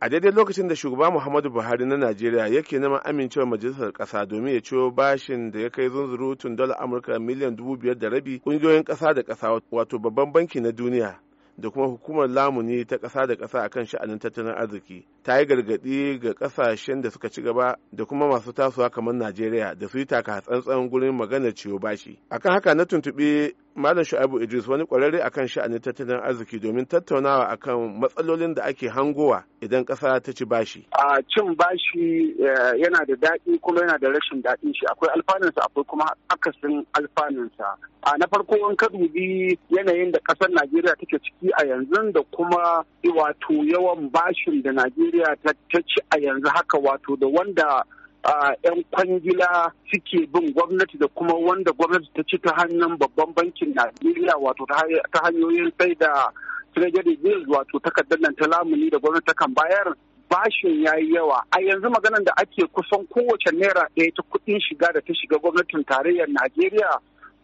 a daidai lokacin da shugaba muhammadu buhari na najeriya yake neman amincewar majalisar kasa domin ya ciwo bashin da ya kai zunzurutun dala amurka miliyan dubu biyar da rabi ƙungiyoyin ƙasa da kasa wato babban banki na duniya da kuma hukumar lamuni ta kasa da kasa akan sha'anin tattalin arziki ta yi gargaɗi ga kasashen da suka ci gaba da kuma masu tasowa kamar najeriya da su yi taka tsantsan gurin maganar ciwo bashi akan haka na tuntuɓi Malam Shu'aibu Idris wani kwararre akan sha'anin tattalin arziki domin tattaunawa akan matsalolin da ake hangowa idan ƙasa ta ci bashi. A cin bashi eh, yana da daɗi kuma yana da rashin daɗin shi akwai alfanunsa akwai kuma akasin alfanunsa. A na farko wanka ka dubi yanayin da ƙasar Najeriya take ciki a yanzu da kuma wato yawan bashin da Najeriya ta ci a yanzu haka wato da wanda a 'yan kwangila suke bin gwamnati da kuma wanda gwamnati ta ci ta hanyar babban bankin najeriya wato ta hanyoyin sai da treasury bills wato takardar nan ta lamuni da gwamnati kan bayar bashin ya yi yawa a yanzu maganan da ake kusan kowace naira ɗaya ta kuɗin shiga da ta shiga gwamnatin tarayyar najeriya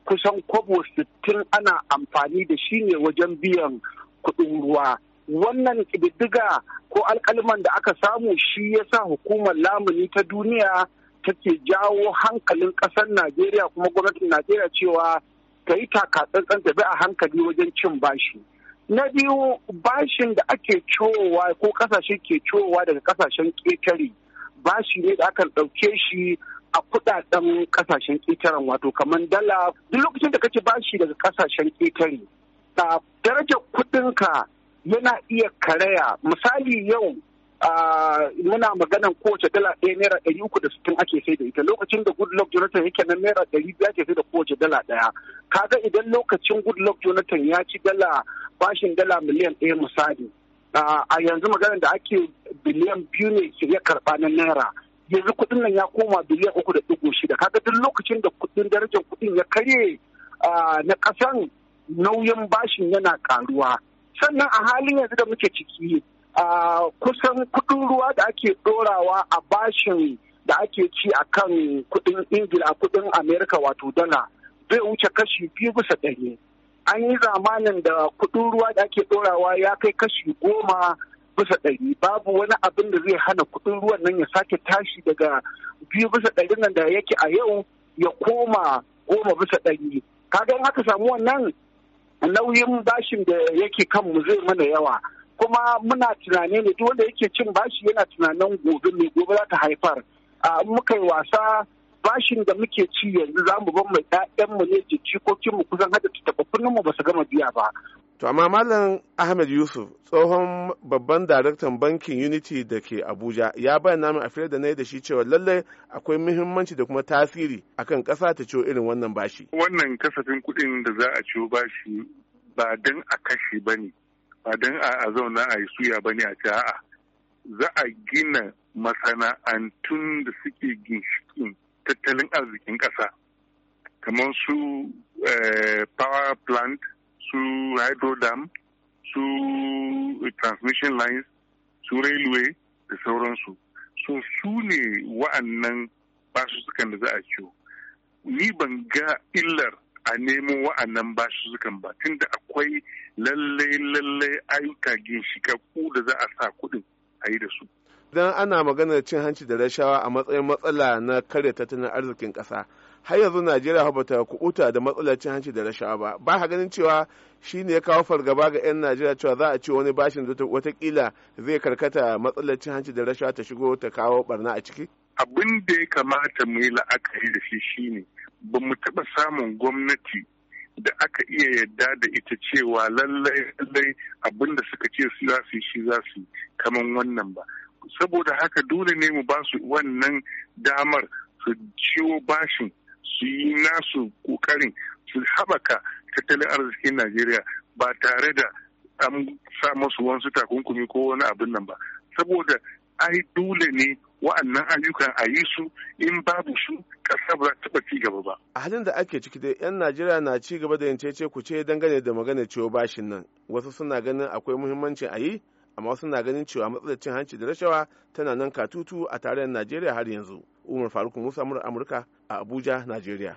kusan kobo sittin ana amfani da shi ne wajen biyan kuɗin ruwa wannan ƙididdiga ko alkaliman da aka samu shi ya sa hukumar lamuni ta duniya take jawo hankalin ƙasar najeriya kuma gwamnatin najeriya cewa ta yi takatsantsan ta bi a hankali wajen cin bashi na biyu bashin da ake cowa ko ƙasashe ke cowa daga ƙasashen ƙetare bashi ne da aka ɗauke shi a kudaden kasashen ƙetaren wato kamar dala duk lokacin da kace bashi daga kasashen ƙetare a darajar kuɗinka. yana iya karaya misali yau muna maganan kowace dala ɗaya naira ɗari uku da sittin ake sai da ita lokacin da goodluck jonathan yake nan naira ɗari biyu ake sai da kowace dala ɗaya kaga idan lokacin goodluck jonathan ya ci dala bashin dala miliyan ɗaya misali a yanzu maganan da ake biliyan biyu ne ya karɓa na naira yanzu kuɗin nan ya koma biliyan uku da ɗigo shida kaga duk lokacin da kuɗin darajar kuɗin ya karye na ƙasan nauyin bashin yana ƙaruwa sannan a halin yanzu da muke ciki a kusan kudin ruwa da ake dorawa a bashin da ake ci a kan kudin ingila a kudin amerika wato dala zai wuce kashi biyu bisa ɗari an yi zamanin da kudin ruwa da ake dorawa ya kai kashi goma bisa ɗari babu wani abin da zai hana kudin ruwan nan ya sake tashi daga biyu bisa ɗari nan da yake a yau ya koma goma bisa ɗari kaga in aka samu wannan nauyin bashin da yake kanmu zai mana yawa kuma muna tunani ne duk wanda yake cin bashi yana tunanin gobe ne gobe za ta haifar a muka yi wasa bashin da muke ci yanzu za mu ban mai ɗayanmu ne jikokinmu kusan hada tattabakunan mu ba su gama biya ba To amma Malam Ahmed Yusuf tsohon babban daraktan bankin Unity da ke Abuja ya bayyana min a fiye da na da shi cewa lallai akwai muhimmanci da kuma tasiri akan ƙasa ta ciwo irin wannan bashi. Wannan kasafin kuɗin da za a ciwo bashi ba don a kashe ba ne, ba don a zauna a yi suya ba ne a ce a'a. Za a gina masana'antun da suke ginshikin tattalin arzikin ƙasa, kamar su eh, power plant, su hydro dam su uh, transmission lines su railway da sauransu so su ne wa'annan basussukan da za a ciwo ni ban ga illar a nemo wa'annan basussukan ba tunda akwai lallai lallai ayyuka ginshikakku da za a sa kuɗin a yi da su idan ana maganar cin hanci da rashawa a matsayin matsala na karya tattalin arzikin kasa har yanzu najeriya ba ta kuɓuta da matsalar cin hanci da rashawa ba ba ka ganin cewa shi ne ya kawo fargaba ga 'yan najeriya cewa za a ce wani bashin da watakila zai karkata matsalar cin hanci da rashawa ta shigo ta kawo barna a ciki abin da ya kamata mu yi la'akari da shi shine ba mu taɓa samun gwamnati da aka iya yadda da ita cewa lallai lallai abin da suka ce su za su yi shi za su yi kamar wannan ba saboda haka dole ne mu ba su wannan damar su ciwo bashin su yi nasu kokarin su haɓaka tattalin arzikin najeriya ba tare da an sa masu wasu takunkumi ko wani abin nan ba saboda ai dole ne wa'annan ayyukan a yi su in babu su ƙasa ba taɓa ci gaba ba. A halin da ake ciki dai 'yan Najeriya na ci gaba da yancece ku ce dangane da magana ciwo bashin nan. Wasu suna ganin akwai muhimmancin a yi, amma wasu na ganin cewa matsalar cin hanci da rashawa tana nan katutu a tarayyar najeriya har yanzu umar faruk musa amurka a abuja najeriya